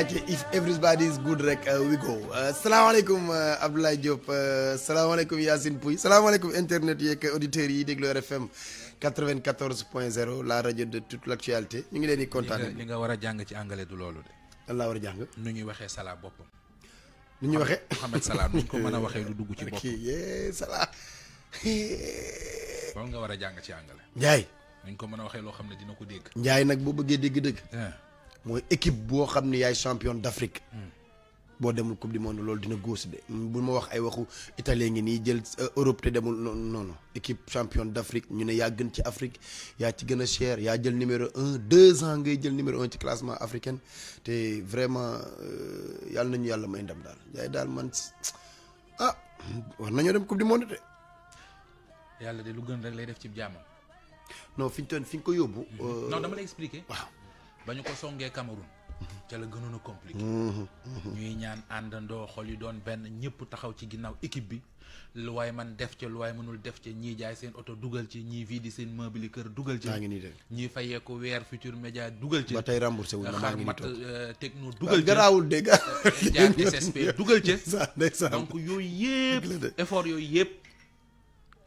aje if everybody is good rek uh, we go uh, salaamaaleykum uh, Abdoulaye Diop salaamaaleykum Yacine Pouy salaamaaleykum internet yeeg auditeurs yi déglu RFM 94 point 0 la rajo de toute l'actualité ñu ngi leen di kontaane li nga war a jàng ci anglais du loolu de. la war a jàng. nu ñuy waxee salaa boppam. nu ñuy waxee Mouhamed salaa nu ñu ko mën a waxee lu dugg ci boppam. ok yee Salah. loolu nga war a jàng ci anglais. Ndiaye. nañ ko mën a waxee loo xam ne dina ko dégg. njaay nag boo bëggee dégg-dëgg. Eh. mooy équipe boo xam ne yaay champion d'Afrique. Hmm. boo demul coupe du monde loolu dina góos de bu ma wax ay waxu italien ngi nii jël euh, Europe te demul non non équipe champion d'Afrique ñu ne yaa gën ci Afrique yaa ci gën a cher yaa jël numéro un deux ans ngay jël numéro un ci classement africain te vraiment euh, yàlla nañu yàlla may ndam daal yaay daal man ah war nañoo dem coupe du monde yàlla de lu gën rek lay def ci jàmm. non fi ñu toon fi ñu ko yóbbu. Mhm. non euh, dama lay expliquer. ba ñu ko songee Cameroun. ca la gënoon a compliqué. Mhm, mhm. ñuy ñaan àndandoo xool yi doon benn ñëpp taxaw ci ginnaaw équipe bi lu waaye man def ca lu waay mënul def ca ñii jaay seen oto dugal ci ñii vide seen meuble kër dugal ci. maa ngi nii de ñii fayee ko weer Futurs Médias dugal ci. ba tey remboursé wu ñu euh, maa ngi nii toog xarmat euh, techno dugal ci garaawul dégg nga. SSP dugal ci. donc yooyu yëpp effort yooyu yëpp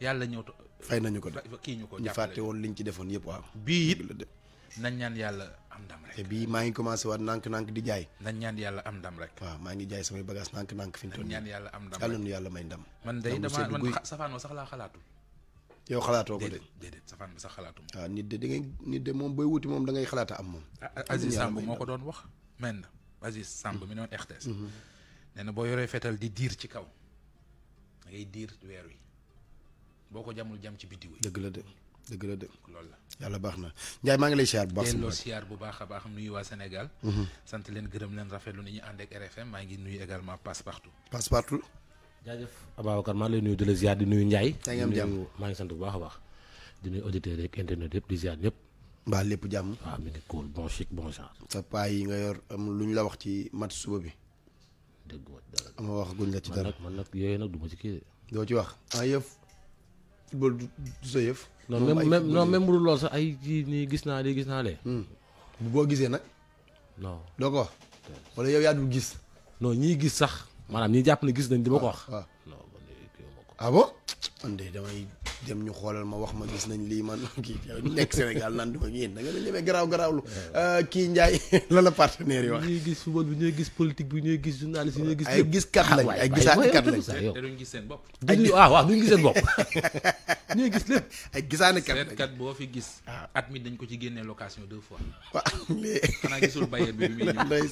yàlla ñëw fay nañu ko de kii ñu ko ñu fàtte woon liñ ci defoon yëpp waaw. bii it nañ ñaan yàlla am ndam rek. te bii maa ngi commencé waat nànk-nànk di jaay. nañ ñaan yàlla am ndam rek. waaw maa ngi jaay samay bagage nànk-nànk fi ñaan yàlla am ndam rek nu yàlla may ndam. man day damaa man safaan wa sax laa xalaatu. yow xalaatoo ko de déedéet safaan bi sax xalaatu moom. de da ngay nit de moom booy wuti moom da ngay xalaata am moom. Aziz Samb moo ko doon wax. mel na Aziz Samb mi noon RTS. Mm-hmm. Mm-hmm. nee na boo yoree fetal di diir ci kaw da ngay diir weer wi boo ko jamul jam ci biddiw dëgg la de dëgg la de loolu la yàlla baax na Ndiaye maa ngi lay siyaar bu baax delloo siyaar bu baax a baax nuyu waa Sénégal mhm. sant leen gërëm leen rafetlu ni ñu ànd ak maa ngi nuyu également passe partout maa ngi nuyu di la di nuyu Ndiaye maa ngi sant bu baax a baax di nuyu auditeurs yeeg internet yëpp di ziar ñëpp mbaa lépp jàmm waaw mi ngi cool bon chic bon genre sa paa yi nga yor am lu ñu la wax ci mat football du sa yëf. non même non même budul lool sax ay kii nii gis naa lii gis naa lee. Hmm. boo gisee nag. non doo ko wax. yow yaa gis. noo ñii gis sax maanaam ñii jàpp ne gis nañ di ma ko wax. waaw ah. non man de kii ah ma dem ñu xoolal ma wax ma gis nañ lii man nekk Sénégal naan du ma yéen da nga ne ñemee garaaw garaawlu euh, kii Ndiaye la la partenaire yi wax ñuy bi ñuy gis politique bi ñuy gis journaliste ñuy gis ay gis kat lañ ay gisaat kat lañ te duñ gis seen bopp duñ waaw ah, waaw duñ gis seen bopp ñuy gis lépp ay boo fi gis ah. at mi dañ ko ci génnee location deux fois waaw mais xanaa gisul bayeer bi bi muy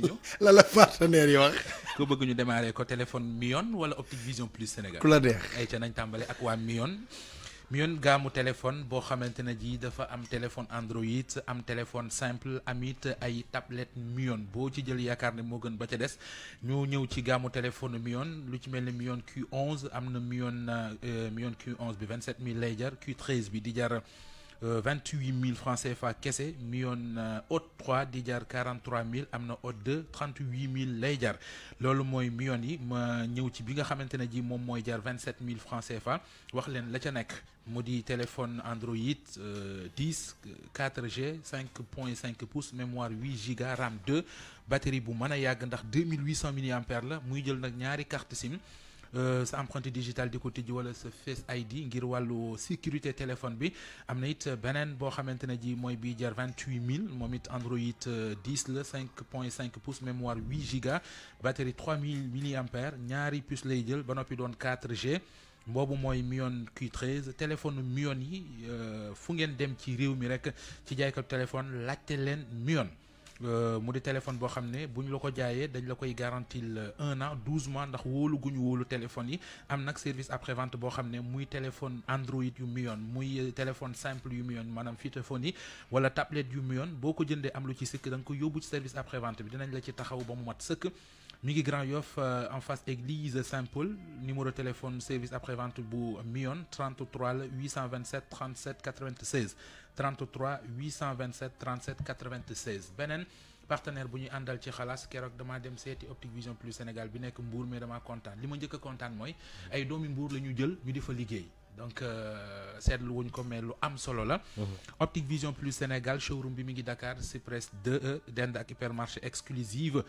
ñëw la la partenaire yi wax ko bëgg ñu démarrer ko téléphone million wala optique vision Vision Plus Sénégal. ay ca nañ tàmbali ak waa Mion. Mion gaamu téléphone boo xamante ne ji dafa am téléphone Android am téléphone simple amit ay tablette Mion boo ci jël yaakaar ne moo gën ba ca des ñu ñëw ci gaamu téléphone Mion lu ci mel ni Mion q onze am na Mion euh, Mion Q11 bi vingt mille lay jar Q13 bi di jar. Euh, vingt-huit mille francs fa kese mi yoon haute euh, trois di jar quarante-trois mille am na haute deux trente-huit mille lay jar loolu mooy million yi ma ñëw ci bi nga xamante ne ji moom mooy jar vingt-sept mille francs CFA wax leen la ca nekk mu di téléphone Android 10 euh, 4G cinq point 5 pouces mémoire 8 giga RAM 2 batterie bu mën a yàgg ndax 2800 mAh la muy jël nag ñaari carte SIM Euh, sa empreinte digitale di ko tijji wala sa Face ID ngir wàllu sécurité téléphone bi am na it beneen boo xamante ne ji mooy bi jar vingt huit mille moom it Android euh, dix la cinq point cinq pouces mémoire huit giga batterie trois mille milliampères ñaari puces lay jël ba noppi doon 4G. mboobu mooy Mion Q13 téléphone Mion yi euh, fu ngeen dem ci réew mi rek ci jaaykatu téléphone laajte leen Mion. Euh, mu di téléphone boo xam ne bu ñu la ko jaayee dañ la koy garantil un an douze mois ndax wóolu guñu wóolu téléphone yi am nag service après vente boo xam ne muy téléphone Android yu mu yoon muy euh, téléphone simple yu mu yoon maanaam fitéphone yi wala tablette yu mu yoon boo ko jëndee am lu ci sëkk da nga ko yóbbu ci service après vente bi dinañ la ci taxaw ba mu mat sëkk mi ngi Grand Yoff euh, en face église Saint-Paul numéro téléphone service après-vente bu Mion 33 la 827 37 96 33 827 37 96 beneen partenaire bu ñuy àndal ci xalaas keroog damaa dem seeti Optique Vision Plus Sénégal bi nekk mbuur mais damaa kontaan li ma njëkk a kontaan mooy ay doomi mbuur la ñu jël ñu di fa liggéey donc euh, seetlu wuñ ko mais lu am solo la. Mhm. Optique Vision Plus Sénégal showroom bi mi ngi Dakar Cypress de dend ak hypermarché exclusive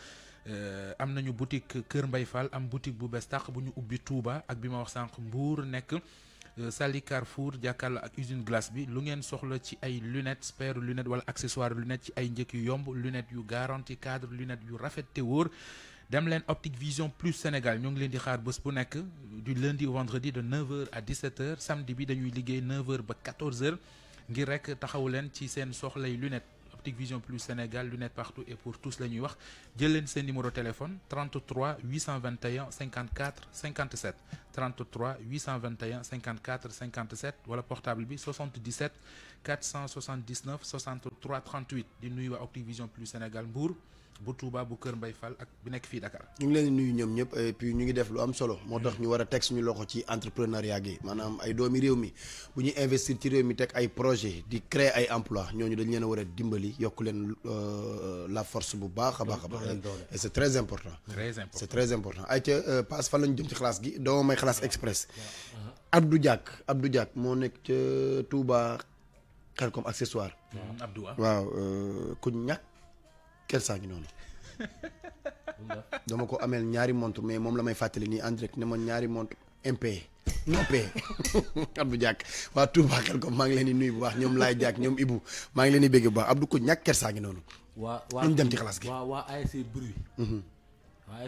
euh, am nañu boutique Kër Mbay Fall am boutique bu bees tàq bu ñu ubbi Touba ak bi ma wax sànq Mbour nekk. Euh, Sali Carrefour jàkkaarloo ak usine glace bi lu ngeen soxla ci ay lunettes paire lunettes wala accessoire lunettes ci ay njëkk yu yomb lunettes yu garantie cadre lunettes yu rafet te wóor. dem leen Optique Vision plus Sénégal ñoo ngi leen di xaar bés bu nekk du lundi au vendredi de 9 à 17h samedi bi dañuy liggéey 9h ba 14h ngir rek taxawu leen ci seen soxlay lunettes Optique Vision plus Sénégal lunettes partout et pour tous la ñuy wax jël leen seen numéro téléphone 33 821 54 57. 33 821 54 57 wala portable bi 77 479 63 38 di nuyu waa Octivision Plus Sénégal Mbour bu Touba bu Kër Mbay Fall ak bu nekk fii Dakar. ñu ngi leen di nuyu ñoom ñëpp et puis ñu ngi def lu am solo moo tax mm. ñu war a teg suñu loxo ci entrepreneuriat gi maanaam ay doomi réew mi bu ñuy investir ci réew mi teg ay projet di créer ay emploi ñu dañ leen a war a dimbali yokk leen euh, la force bu baax a baax a baax. et c'est très important. Euh, classe express. Abdou Diak Abdou Diak moo nekk ca Touba xel comme accessoire. Abdou ah. waaw euh, ku ñàkk kersaa ngi noonu. dama ko ameel ñaari montre mais moom la may fàttali nii en direct ne ma ñaari montre MP nopp Abdou Diak waa Touba xel comme maa ngi leen nuyu bu baax ñoom Laay Diak ñoom Ibou maa ngi leen di bu baax Abdou ku ñàkk kersaa ngi noonu. waa waa ñu dem ci classe gi. waa waa ASC Bruit. Mhm. waa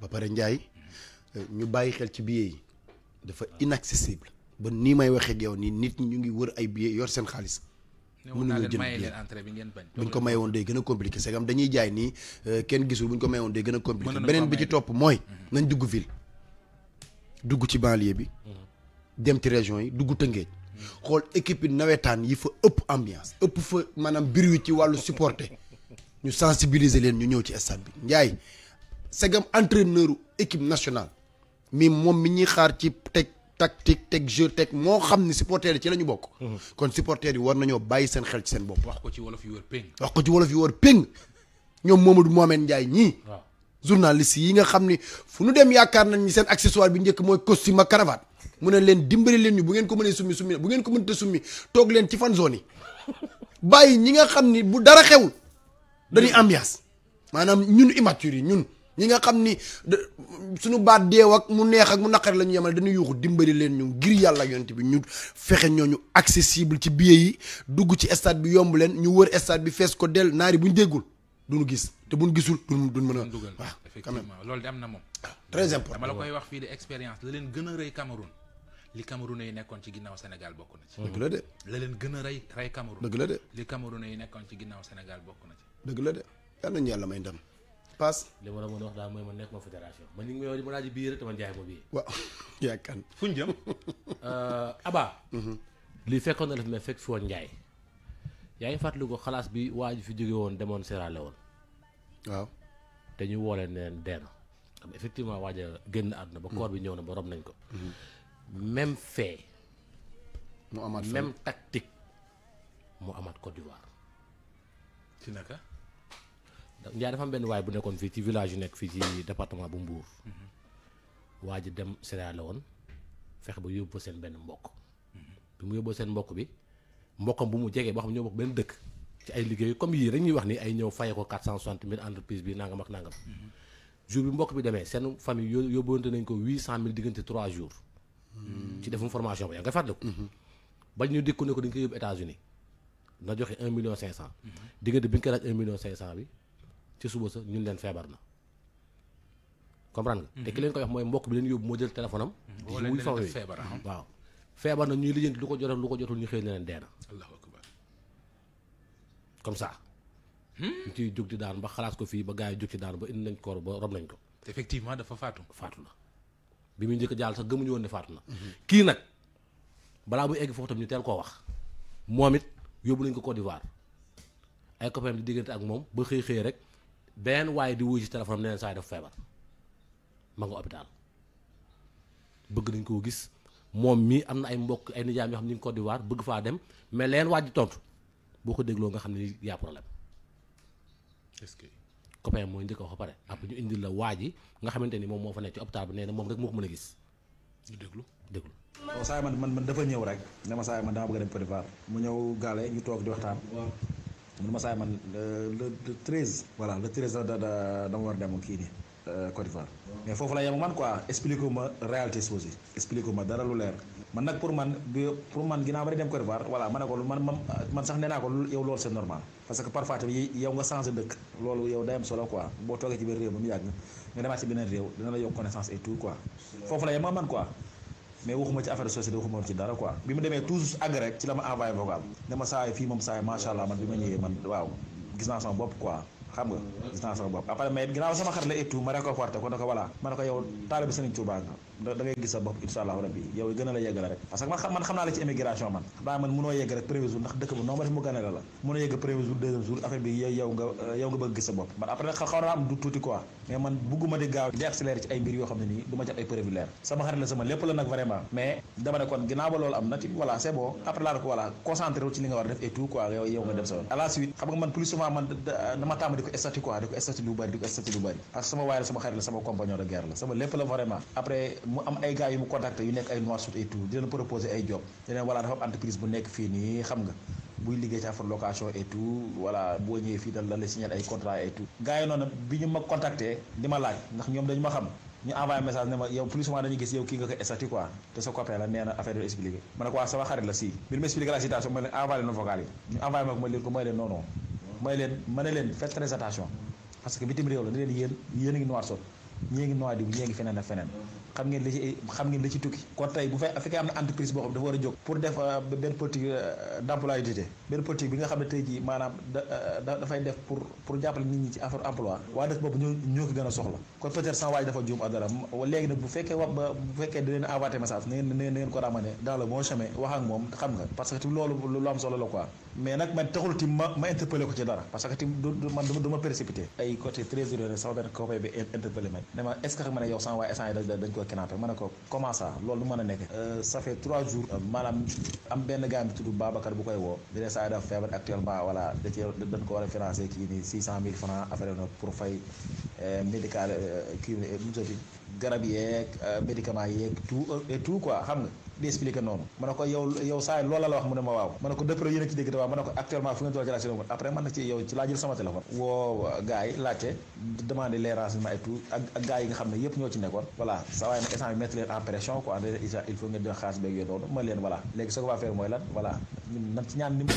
ba pare njaay ñu bàyyi xel ci billets yi dafa inaccessible ba nii may waxee ak yow nii nit ñi ñu ngi wër ay billets yor seen xaalis. mënuñu bi billet buñ ko maye woon day gën a compliqué c'est comme dañuy jaay nii euh, kenn gisul buñ ko maye woon day gën a compliqué beneen bi ci topp mooy mhm. nañ dugg ville dugg ci banlieue bi mhm. dem ci région yi dugg Tëngéej mhm. xool équipe yi nawetaan yi fa ëpp ambiance ëpp fa maanaam biir wi ci wàllu supporter ñu sensibiliser leen ñu ñëw ci stade bi segam entraîneur équipe nationale mi moom mi ñuy xaar ci teg tactique teg jeu teg moo xam ni supporters yi ci la ñu bokk. Mhm. kon supporters yi war nañoo bàyyi seen xel ci seen bopp. wax ko ci wolof yu wër péng. wax ko ci wolof yu wër péng ñoom Mamadou Mouhamed Ndiaye ñii. waaw journaliste yi nga xam ni fu nu dem yaakaar nañ ni seen accessoire bi njëkk mooy costume a cravate mu ne leen dimbali leen ñu bu ngeen ko mënee summi summi bu ngeen ko mënta summi toog leen ci fan zone yi bàyyi ñi nga xam ni bu dara xewul dañuy ambiance maanaam ñun immature yi ñun. ñi nga xam ni suñu baat deew ak mu neex ak mu naqari la ñu yemal dañu yuuxu dimbali leen ñu ngir yàlla yonent bi ñu fexe ñooñu accessible ci billet yi dugg ci stade bi yomb leen ñu wër stade bi fees ko del naari bu ñu déggul ñu gis te buñ gisul duñ duñ mën a dugal waaw effectivement loolu de am na moom ah, très important dama la koy wax fii de expérience la leen gën a rey Cameroun li Cameroun yi nekkoon ci ginnaaw Sénégal bokk na ci dëgg la de leen gën a rëy rëy Cameroun dëgg la de li Cameroun yi nekkoon ci ginnaaw Sénégal bokk na ci dëgg la de yal nañu yàlla may dem paas li ma la mën a wax daal mooy ma nekk ma fédération man ñu ngi may wax di ma laaj bii rek te man jaay ma bii. waaw fu ñu jëm. Aba. Euh, mhm. li fekkoon na daf may fekk fi woon fàttali ko xalaas bi waa ji fi jóge woon demoon Sierra woon. waaw. te ñu woolee neen dee na xam effectivement waaj génn àdduna ba mhm. koor bi ñëw na ba rob nañ ko. Mhm. même fait. mu amaat même tactique mu amaat Côte d'Ivoire. ci naka. Ndiaye dafa am benn waay bu nekkoon fii ci village yu nekk fii ci département bu Mbour. waa ji dem la woon fexe ba yóbbu seen benn mbokk. bi mu yóbboo seen mbokk bi mbokkam bi mu jegee boo xam ñoo bokk benn dëkk ci ay liggéey comme yii rek ñuy wax ni ay ñëw faye ko 460 000 entreprise bi nangam ak nangam. jour bi mbokk bi demee seen famille yó yóbbuwante nañ ko cent 000 diggante 3 jours. ci defum formation ba yaa ngi koy fàttaliku. ba ñu dikku ne ko dañ ko yóbbu États-Unis na joxe 1 million cent diggante bi ñu koy laaj 1 bi. ci suba sa ñun leen feebar na comprendre nga. Mhm. te ki leen koy wax mooy mbokk bi leen yóbbu moo jël téléphone am. Mhm. feebar ah. waaw feebar na ñuy lijjanti lu ko jotal lu ko jotul ñu xëy na leen dee na. allahu comme ça. Hmm? ñu ciy jug ci daan ba xalaat ko fii ba gaa yi jug ci daan ba indi nañ koor ba rob nañ ko. effectivement dafa faatu. faatu na bi muy njëkk jaal jàll sax gëmuñu woon ne faatu na. Mhm. kii nag balaa mu egg foofu tam ñu teel koo wax. moom it yóbbu nañ ko Côte d'Ivoire ay copains di diggante ak moom ba xëy rek. benn waaye di wuyu si téléphone am neneen saa yi dafa feebar ma nga hôpital bëgg nañ koo gis moom mii am na ay mbokk ay nijaam yoo xam ne ñu ngi Côte d'Ivoire bëgg faa dem mais leen waaj di tontu boo ko dégloo nga xam ne yaa problème est-ce que copain mooy njëkk a wax ba pare après ñu indil la waaj yi nga xamante ni moom moo fa nekk ci hôpital bi nee na moom rek moo ko mën a gis ñu déglu déglu saa man man dafa ñëw rek ne ma saa man dama bëgg a dem Côte d'Ivoire mu ñëw gaale ñu toog mun ma saay man le le treize. voilà le treize da da dama war dem kii nii euh, Côte d'Ivoire. mais foofu la yem man quoi expliqué wu ma réalité supposé expliqué wu ma dara lu leer. man nag pour man bi pour man ginnaaw ba di dem Côte d'Ivoire voilà ma ne ko man man sax nee naa ko yow loolu c'est normal. parce que parfois tamit yow nga changé dëkk. loolu yow day solo quoi boo toogee ci biir réew ba mu yàgg nga demaat ci beneen réew dina la yokk connaissance et tout quoi. foofu la yem man quoi. mais waxuma ci affaire société waxuma ci dara quoi bi mu demee toujours àgg rek ci la ma envoyé vocal dama saay fii moom saay macha allah man bi ma ñëwee man waaw gis naa sama bopp quoi xam nga gis naa sama bopp après mais ginnaaw sama xar la et ma réconforté ko ne ko voilà ma ne ko yow taalibe Serigne Touba nga da ngay gis sa bopp incha rabbi yow gën a la yegg la rek parce que man xam naa la ci émigration man baa man munoo yegg rek premier jour ndax dëkk bu noo ma def mu gane la munoo yegg premier jour deuxième bi euh, yow nga bëgg gis sa bopp man après xaw naa am du tuuti quoi man bugguma di gaaw di accélérer ci ay mbir yoo xam ne nii du ma ay preuve sama xarit la sama lépp la nag vraiment mais dama ne kon ginnaaw am na mu am ay gars yu mu contacté yu nekk ay noir sud et di leen proposer ay job di leen dafa am entreprise bu nekk fii nii xam nga buy liggéey ci affaire location et tout boo ñëwee fii dal la la signer ay contrat et tout yi noonu bi ñu ma contacté di ma laaj ndax ñoom dañu ma xam ñu envoyé message ne ma yow plus souvent dañuy gis yow kii nga ko estati te sa copain la nee affaire yooyu expliqué ma ne ko waa xarit la si bi ma expliqué la a ngi noir sot ñii ngi noir diw ñii xam ngeen la ci xam ci tukki kon tey bu fekkee am na entreprise boo xam dafa war a jóg pour def euh, benn politique euh, d'employabilité benn politique bi nga xam ne tey jii maanaam euh, da dafay def pour pour jàppale nit ñi ci affaire emploi waa def boobu ñoo ñoo ko gën a soxla kon peut-être waaj dafa juum adara léegi nag bu fekkee wax ba bu fekkee da leen envoyé message na ngeen na ngeen ko ramener dans le bon chemin wax ak moom xam nga parce que loolu lu am solo la quoi mais nag man taxul tim ma ma ko ci dara parce que tim du man du ma précipité ay côté trésorier sama benn copain bi interpellé may ne ma est-ce que xam nga ne yow sama waa essence yi dañ ko kidnappé ma ne ko loolu lu a nekk euh, ça fait trois jours euh, maanaam am benn gars bi tudd Babacar bu koy woo dine saa yi dafa feebar actuellement voilà dañ ko war a financé kii nii six cent mille francs affaire na pour fay euh, médical kii mu garab yeeg médicament yeeg tout et quoi xam nga di expliquer noonu ma ne ko yow yow saa yi loola la wax mu ne ma waaw ma ne ko dëppale yéen a ci dégg te waaw ma ne ko actuellement fu ngeen toll ci relation bi après tout ak gaa yi nga xam ne yëpp ñoo ci nekkoon voilà saa waaye nag instant bi mettre leen en pression quoi il faut ngeen dina xaalis beeg yooyu noonu ma leen voilà léegi ce qu'on va faire mooy lan voilà nan ci ñaan ni dégg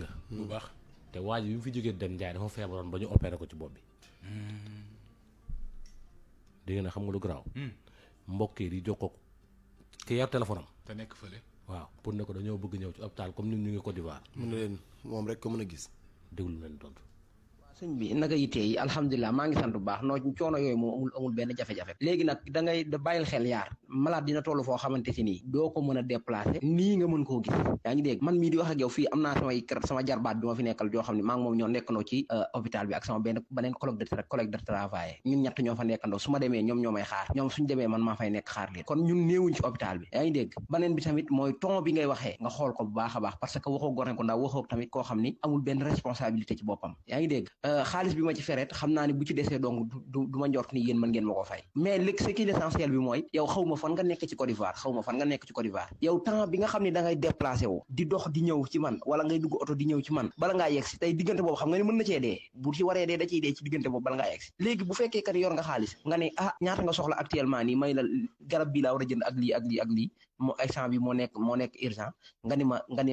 nga bu baax te waaj bi mu fi jógee dem Ndiaye dafa feebaroon ba ñu opéré ko ci bopp bi hmm. dégg na xam nga lu garaaw. Hmm. mbokk yi di jokkoo ki yar téléphone am. te nekk fële. waaw pour ne ko dañoo bëgg ñëw ci hôpital comme ñun ñu ngi Côte d'Ivoire. mu ne leen moom rek ko mën a gis. déglu leen tontu. sëñ bi naka yitte yi alhamdulilah maa ngi sant bu baax noo coono yooyu moom amul amul benn jafe-jafe léegi nag da ngay da bàyyil xel yaar malade toll foo xamante si nii doo ko mën a déplacer nii nga mën koo gis yaa ngi man mii di wax fi yow fii am naa samay sama jarbaat bi fi nekkal joo xam ne maa ngi moom ñoo nekkandoo ci euh, hôpital bi ak ñoo fa nekkandoo su ma demee ñoom ñoo may xaar ñoom suñ demee man maa fay nekk xaar leen kon ñun néewuñ ci hôpital bi yaa ngi dégg beneen bi tamit mooy ton bi ngay waxee nga xool ko bu baax a baax parce que waxoo gor ko ndaw waxoo tamit koo xam ni benn responsabilité ci boppam yaa ngi dégg Euh, xaalis bi ma ci fereet xam naa ne bu ci desee donc du du ma njort ni yéen mën ngeen ma koo fay mais léegi ce qui est essentiel bi mooy yow xaw ma fan nga nekk ci Côte d'Ivoire xaw ma fan nga nekk ci Côte d'Ivoire yow temps bi nga xam ne da ngay déplacé di dox di ñëw ci man wala ngay dugg oto di ñëw ci man bala ngaa yegg si tey diggante boobu xam nga ne mën na cee dee bu ci waree dee da ciy dee ci diggante boobu bala ngaa yegg si léegi bu fekkee kat yor nga xaalis nga ne ah ñaata nga soxla actuellement nii may la garab bi laa a jënd ak lii ak lii ak lii mo ma nga ni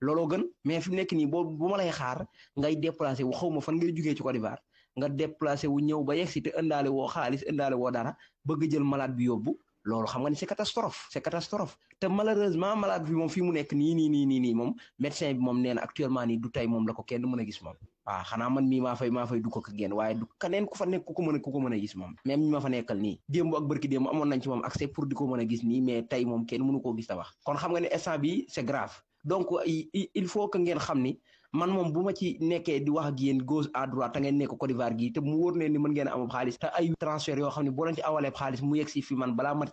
looloo gën mais fi mu nekk nii boo bu ma lay xaar ngay déplacé wu xaw ma fan ngay jugee ci Côte d'Ivoire nga déplacé wu ñëw ba yegg si te ëndaale woo xaalis ëndaale woo dara bëgg jël malade bi yóbbu loolu xam nga ni c'est catastrophe c'est catastrophe te malheureusement malade bi moom fi mu nekk nii nii nii nii nii moom médecin bi moom nee na actuellement nii du tey moom la ko kenn mën a gis moom waaw xanaa man mii maa fay maa fay du ko ko génn waaye du keneen ku fa nekk ku ko mën a ku a gis moom même ñi ma fa nekkal nii démb ak bërki démb amoon moom accès pour ko mën a kon xam nga ne instant bi donc il faut que ngeen xam ni man moom bu ma ci nekkee di wax ak yéen gauche à droite te ngeen nekk Côte d'Ivoire gii te mu wóor ne ni ngeen a amab xaalis te ay transfert yoo xam ne boo leen ci awalee xaalis wala ma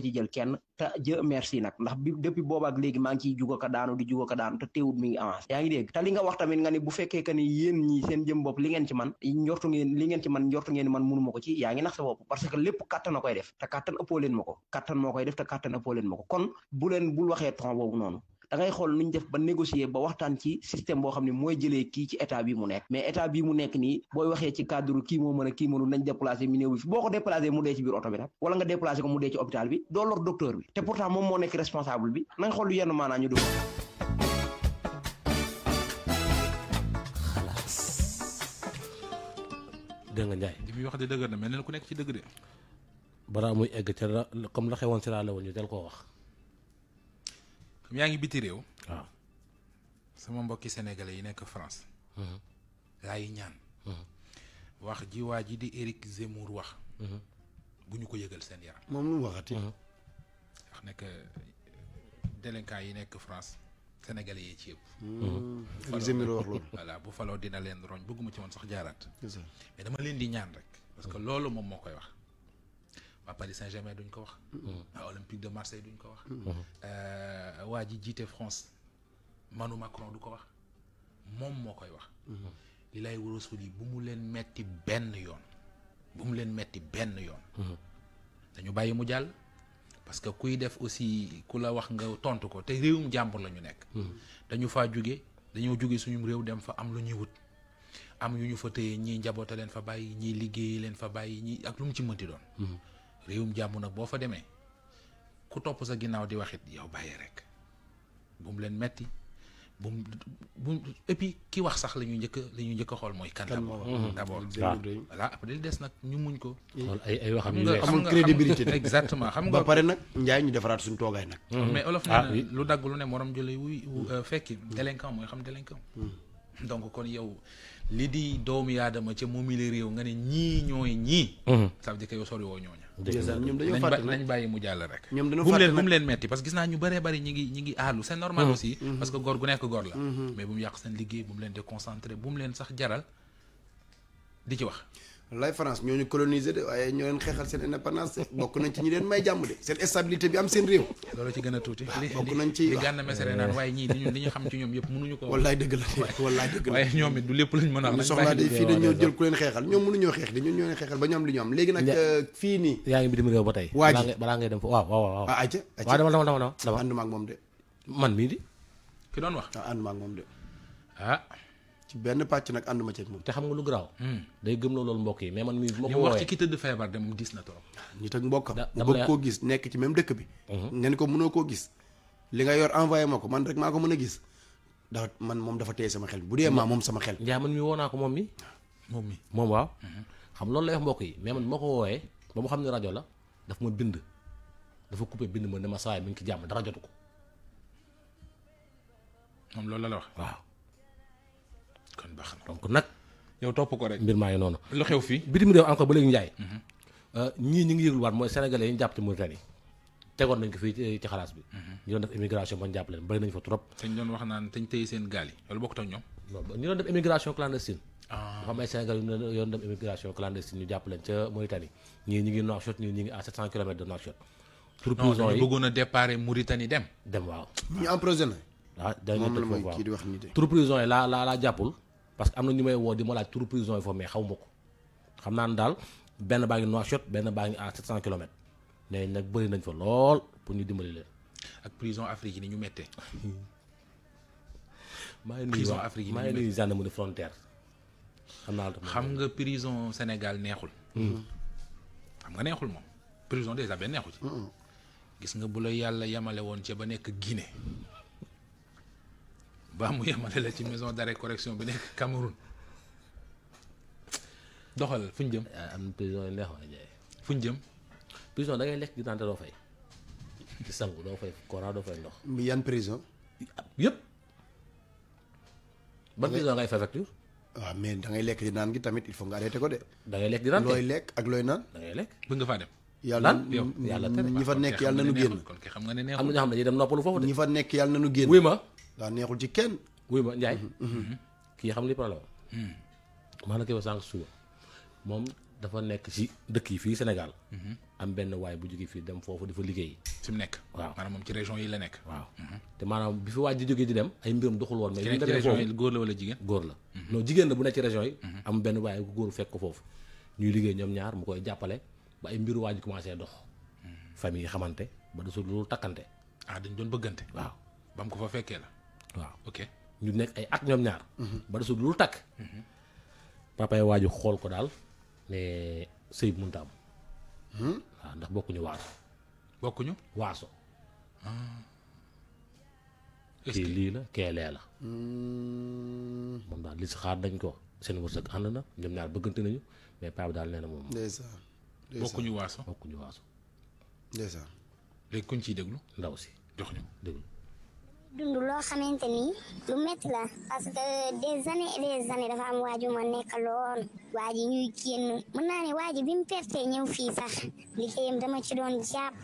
ci jël kenn te jë merci nag ndax bi depuis boobaak léegi maa ngi ciy jugo ka daanu di jugo ka daanu te teewut mi ngi avancé yaa ngi dégg te li nga wax tamit nga ni bu fekkee que ni seen jëm bopp li ci man njortu ngeen li ci man njortu ngeen man mënu ma ci yaa ngi nax sa parce que lépp kàttan a koy def te kàttan ëppoo leen ma def te kàttan ëppoo leen ko kon bu leen bul waxee temps boobu noonu da ngay xool nuñ def ba négocier ba waxtaan ci système boo xam ne mooy jëlee kii ci état bi mu nekk mais état bi mu nekk nii booy waxee ci cadre a kii mënul nañ déplacé mi néew bi fi boo ko déplacé mu dee ci biir oto bi nag wala nga déplacé ko mu dee hôpital bi doo lor docteur bi te pourtant moom moo nekk responsable bi na xool yenn maanaa ñu xalaas dégg Njaay muy wax de dëgg na mel ku nekk ci dëgg de balaa muy egg ca la comme la xewoon si laa lewoon ñu del koo wax. comme yaa ngi biti réew. waaw sama mbokki sénégalais yi nekk France. Mhm. laay ñaan. Mhm. wax ji waa ji di Éric Zemmour wax. Mhm. bu ñu ko yëgal seen yaram. moom lu mu waxati. wax ne que yi nekk France sénégalais yi ci yëpp. Éric Zemmour wax loolu. voilà bu faloo dina leen roñ bëgguma ci woon sax jaaraat. mais dama leen di ñaan rek. parce que loolu moom moo koy wax. waa Paris Saint-Germain duñ ko wax. waa mm-hmm. Olympique de Marseille duñ ko wax. Mm-hmm. Euh, waa ji jiite France manu Macron du ko wax moom moo koy wax. li mm-hmm. lay wërësul yi bu mu leen metti benn yoon bu mu leen metti benn yoon. dañu bàyyi mu jàll parce que kuy def aussi ku la wax nga tontu ko te réewum jàmbur la ñu nekk. dañu faa jóge dañoo jóge suñu réew dem fa am lu ñuy wut. am yu ñu fa téye ñii njaboote leen fa bàyyi ñii liggéey leen fa bàyyi ñii ak lu mu ci mënti doon. réewum jàmm nag boo fa demee ku topp sa ginnaaw di waxit yow bàyyi rek bu mu leen metti bu mu bu et puis ki wax sax la ñuy njëkk la ñuy njëkk xool mooy. kan d' abord voilà après li des nag ñu muñ ko. xool ay ay waxam xam amul crédibilité exactement xam nga ba pare nag njaay ñu defaraat suñu toogaay nag. mais olof nee ah, na lu dagg lu ne morom jëlee wuy euh, fekki xam donc kon yow li di doomu aadama ca moom la réew nga ne ñii ñooy ñii. Mhm. ça veut dire que woo ñooña. ñoom dañoo nañ bàyyi mu jàll rek. ñoom dañoo fàtte leen bu leen metti parce que gis naa ñu bëree bëri ñi ngi ñi ngi aalu c'est normal mhm. aussi. Mhm. parce que góor gu nekk góor la. mais bu mu yàq seen liggéey bu leen déconcentré bu mu leen sax jaral di ci wax. lay France ñoo ñu colonisé de waaye ñoo leen xeexal seen indépendance bokk nañ ci ñi leen may jàmm de seen stabilité bi am seen réew. bokk nañ ci li gànn naan waaye ñii li ñu xam ci ñoom yëpp mënuñu ko. wallaay dëgg la wallaay dëgg la waaye ñoom it lépp lañ mën a am. fii leen xeexal ñoo leen xeexal ba ñoom li ñu am léegi nag. Euh, fii nii. yaa ngi bitim réew ba tey. waa ji balaa ngay dem fa waaw waaw waaw. ah ayca ayca waaw dama dama dama dama. ànduma ak moom de. man mii di. ki doon wax. ah benn pàcc nag ànduma ceeg moom. te xam nga lu garaaw. Hmm. day gëm loolu mbokk yi mais man mii ma ko wax ci ki tëdd feebar de moom gis na trop. Ah, nit ak mbokkam nga bëgg koo gis nekk ci même dëkk bi. Mhm. ngeen ko koo gis. li nga yor envoyé ma ko man rek maa ko mën a gis. dafa man moom dafa téye sama xel bu dee maa moom sama xel. Ndiaye mi woo naa ko moom mi. moom mi moom waaw. Mhm. xam loolu lay wax mbokk yi mais man moo ko wooyee ba mu xam ne rajo la daf ma bind. dafa coupé bind ma ne ma saa yi mi ngi ci jàmm dara jotu ko. moom loolu la la wax waaw. kon baax na donc nag. yow topp ko rek mbir maa noonu. lu xew fii bitim réew encore ba léegi Ndiaye. Mhm. Euh, ñii ñu ngi yëgul waat mooy sénégalais yi ñu jàpp ci Mauritanie tegoon nañ ko fii mhm. ñoom. ñu doon def immigration clandestine. Ah. dafa am Sénégal yoon dem immigration clandestine ñu jàpp leen ca Mauritanie ñii ñu ngi Nouakchott ñii ñu ngi à 700 kilomètres de Nouakchott. pour prison yi bëggoon a départ Mauritanie dem. dem waaw. waa ah, day na def foofu waaw turu prison yi laa laa laa jàppul parce que am na ñu may woo di ma laaj turu prison yi foofu mais xaw ma ko xam naa ne daal benn baa ngi Nouakchott benn baa ngi à 700 kilomètres mais nag bëri nañ fa lool pour ñu dimbali leen. ak prison Afrique yi ni ñu méttee. maa ngi nuyu waa maa ngi nuyu gendarmerie frontière. xam naa xam nga prison Sénégal neexul. Hmm. xam nga neexul moom prison déjà benn neexu ci. Hmm. gis nga bu la yàlla yamale woon ca ba nekk Guinée. baa mu yemale la ci maison d'arrêt correction bi nekk Cameroun doxal fu ñu jëm. Ah, am na prison yu neex fu ñu jëm. prison da lekk di naan te doo fay. di sangu doo fay courant yan prison. yëpp. ban prison ngay fay ah, naan gi tamit il faut ko de. da ngay lekk di looy fa nekk yàlla na nu génn. kon xam nga ne neexul am na ñoo xam ne dañuy fa nekk yàlla na nu génn. wuy ma. daa neexul ci kenn. wuy ma Ndiaye. Mhm. Mhm. Mhm. kii xam li problème hmm. maa la koy wax sànq suba moom dafa nekk ci dëkk yi fii senegal am benn waay bu jógee fii dem foofu dafa liggéey. fi mu nekk. waaw maanaam moom ci région yi la nekk. waaw maanaam bi fi waaj jógee di dem ay mbiram doxul woon. mais ci région yi góor la wala jigéen. góor la non jigéen la bu nekk ci région yi. am benn waay bu góor fekk ko foofu. ñuy liggéey ñoom ñaar mu koy jàppale ba ay mbiru waaj commencé dox. fami yi xamante ba desul loolu takkante. ah dañ doon bëggante. waaw ba mu ko fa fekkee la. waaw ok ñu nekk ay at ñoom ñaar. Mhm. ba desul lu takk. Mhm. papa waaju xool ko daal ne sëy bi mënut hmm? waaw ndax bokkuñu waaso. bokkuñu waaso. Ah. kii lii la kee lee la. Hmm. li si dañ ko seen wërsëg ànd na ñaar bëggante nañu mais papa daal nee na moom. ndeysaan bokkuñu waaso bokkuñu waaso. ndeysaan léegi kuñ ciy déglu ndaw si jox ñu déglu. dund loo xamante ni lu métti la parce que des années des années dafa am waaju ma nekkaloon waa ji ñuy génn mën naa ne waa ji bi mu perte ñëw fii sax liggéeyam dama ci doon jàpp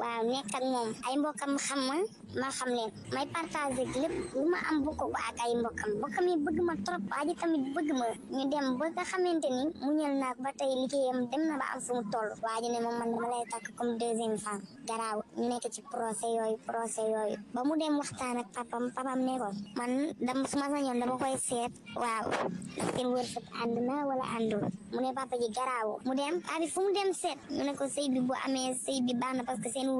waaw nekk ak moom ay mbokkam xam ma ma xam leen may partager lépp lu ma am bokk ko ak ay mbokkam mbokkam yi bëgg ma trop waa ji tamit bëgg ma ñu dem ba nga xamante ni mu ñal naa ba tey liggéeyam dem na ba am fu mu toll waa ji ne moom man dama lay takk comme deuxième nekk ci procès yooyu procès yooyu ba mu dem waxtaan ak papam papam ne ko man dama su ma sañoon dama koy seet waaw ndax seen wërsëg ànd na wala àndul mu ne papa ji garaaw mu dem abi fu mu dem seet ñu ne ko sëy bu amee sëy bi baax na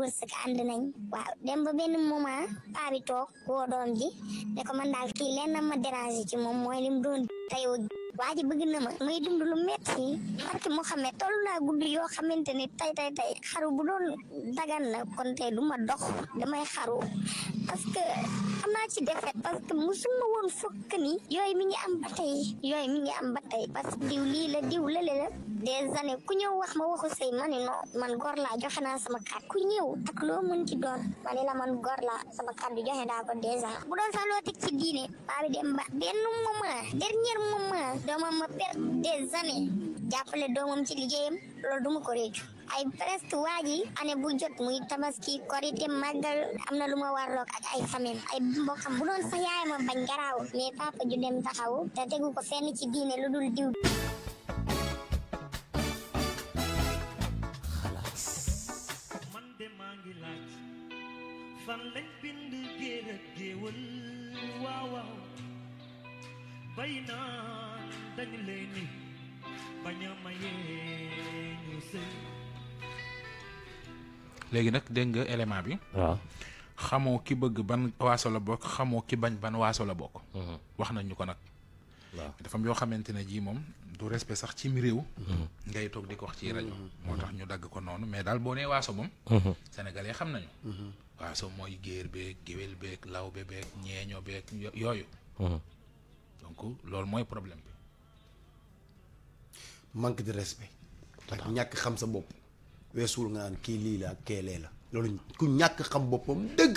wërsëg ànd nañ waaw dem ba benn moom moment paa bi toog woo doom ji ne ko man ma déranger ci moom mooy lim doon tayoo waa ji bëgg ma may dund lu metti barke Mouhamed toll naa guddi yoo xamante ni tey tey tey xaru bu doon dagan na kon tey du ma dox damay xaru parce que am naa ci defet parce que musuma woon fokk ni yooyu mi ngi am ba tey yooyu mi ngi am ba tey parce lii la diw la des années ku ñëw wax ma waxu sëy ma ne man góor laa joxe naa sama kàddu ku ñëw ak loo mën doon ma la man góor laa sama joxe naa ko déjà bu doon sax loo teg ci diine baa bi dem ba benn dernier moment doomam ma perte des années jàppale doomam ci liggéeyam loolu du ma ko réccu ay presque waa ji année bu jot muy tabaski korité e màggal am na lu ma warloog ak ay famille ay mbokkam bu doon sax yaay ma bañ garaaw mais papa ju dem taxaw te tegu ko fenn ci diine lu dul diw xalaas dañu léegi nag dégg nga élément bi. waaw xamoo ki bëgg ban waaso la bokk xamoo ki bañ ban waaso la bokk. Mhm. wax nañ ko nag. waaw dafa yoo xamante ne jii moom du respect sax ci réew. Mhm. ngay toog di ko wax ci rajo. Mhm. moo tax ñu dagg ko noonu mais daal boo nee waaso moom. sénégalais xam nañu. waaso mooy géer beeg géwél beeg lawbe beeg ñeeño beeg yooyu. donc loolu mooy problème manque de respect. ak ñàkk xam sa bopp. weesuwul nga naan kii lii la ak kee lee la. loolu ku ñàkk xam boppam dëgg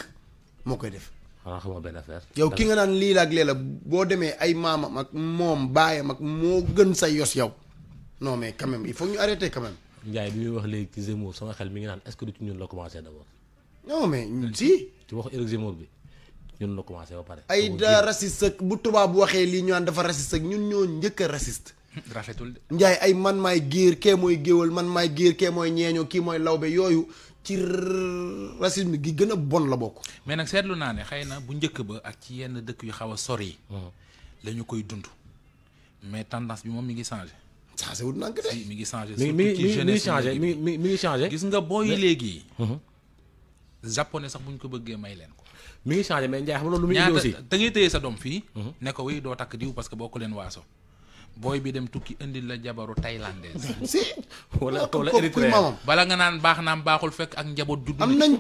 moo koy def. xanaa xamoo benn yow ki nga naan lii la ak lee boo demee ay maamam ak moom baayam ak moo gën sa yos yow. non mais quand même il faut ñu arrêter quand njaay Ndiaye bi muy wax léegi ci Zemmour sama xel mi ngi naan est-ce que du ci ñun la commencé d'abord. non mais euh, si. ci waxu Éric Zemmour bi ñun la commencé ba pare. ay daa raciste bu tubaab waxee lii ñu naan dafa raciste ak ñun ñoo njëkk a rafetul njaay ay man may géer kee mooy géwal man maay géer kee mooy ñeeño kii mooy lawbe yooyu ci racisme gi gën a bon la bokk. mais nag seetlu naa ne xëy na bu njëkk ba ak ci yenn dëkk yu xaw a sori. Hmm. la ñu koy dund. mais tendance bi moom mi ngi changé. changé wut nànk de. mi ngi changé surtout ci jeunesse mi mi mi ngi changé. gis nga booy léegi. Hmm. japonais sax bu ñu ko bëggee may leen ko. mu ngi changé mais Ndiaye xam loolu lu muy indi aussi. da ngay téye sa doom fii. Hmm. ne ko wéy doo takk diw parce leen waaso. booy bi dem tukki indi la jabaru thaïlandaise. si wala wala érythréen bala nga naan baax naam baaxul fekk ak njaboot judd. am nañ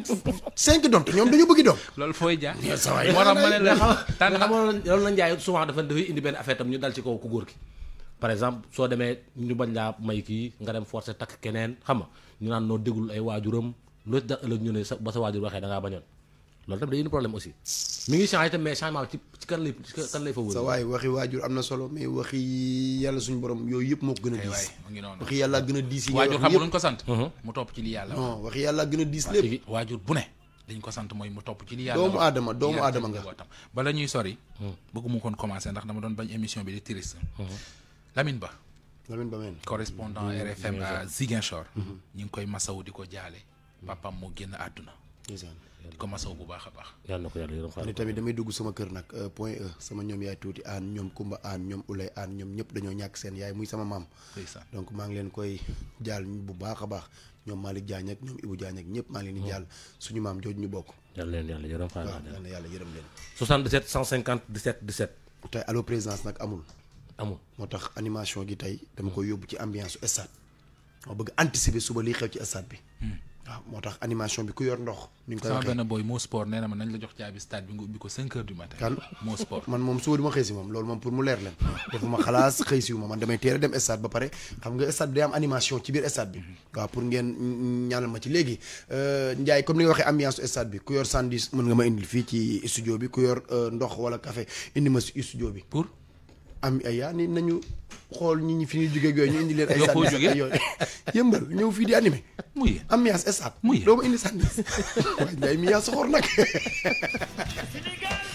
cinq doom ñoom dañu bëgg doom. loolu fooy jaar. moo tax ma ne la xam nga xamoon loolu la Ndiaye souvent dafa dafay indi benn affaire tam ñu dal ci kaw ku góor ki. par exemple soo demee ñu bañ laa may kii nga dem forcé takk keneen xam nga ñu naan noo déglu ay waajuram loo da ëllëg ñu ne sa ba sa waajur waxee da ngaa bañoon. loolu tamit day indi problème aussi mi ngi changé tamit mais changement ci ci kan lay kan sa waay waxi waajur am na solo mais waxi yàlla suñu borom yooyu yëpp moo gën a diis waxi yàlla a diis yi waajur xam luñ ko sant uh-huh. mu topp li yàlla non waxi yàlla gën a diis lépp waajur bu ne dañ ko sant mooy mu topp ci li yàlla doomu aadama doomu aadama nga bala ñuy sori hmm. bëgguma kon commencé ndax dama doon bañ émission bi di triste uh-huh. Lamine Ba Lamine Ba men correspondant RFM hmm. à hmm. Ziguinchor ñu ngi koy masawu di ko jaale papam moo génn àdduna di ko masaw bu baax a baax. yàlla na ko yàlla yërëm xaaral tamit damay dugg sama kër nag euh, point E sama ñoom yaay tuuti aan ñoom Kumba aan ñoom Ulay aan ñoom ñëpp dañoo ñàkk seen yaay muy sama maam. donc maa ngi leen koy jaal bu baax a baax ñoom Malick Diagne ak ñoom Ibou Diagne ak ñëpp maa ngi leen di mm. jaal suñu maam jooju ñu bokk. yàlla leen yàlla yërëm xaaral waaw yàlla yàlla yërëm leen. 77 150 17 17. tey allo présidence nag amul. moo tax animation gi tey dama mm. koy yóbbu ci ambiance stade moo bëgg anticiper suba liy xew ci stade bi mm. waaw ah, moo tax animation bi ku yor ndox. ni nga koy waxee sama ma nañ la jox caabi stade bi nga ubbi ko 5 heures du matin. kan moo sport man moom suba du ma xëy si moom loolu moom pour mu leer leen. defuma xalaas xëy si ma man damay teel a dem stade ba pare xam nga stade bi day am animation ci biir stade bi. waaw pour ngeen ñaanal ma ci léegi euh, Ndiaye comme ni nga waxee ambiance stade bi ku yor sandwich mën nga ma indil fii ci studio bi ku yor euh, ndox wala café indi ma si studio bi. pour. am aya ni nañu xool ñi ñi fi ñuy jóge ñu indi leen ay sànni ak yooyu yëmbal ñëw fii di animé muy ambiance esat doo ma indi sànni waaye nday mi yaa soxor nag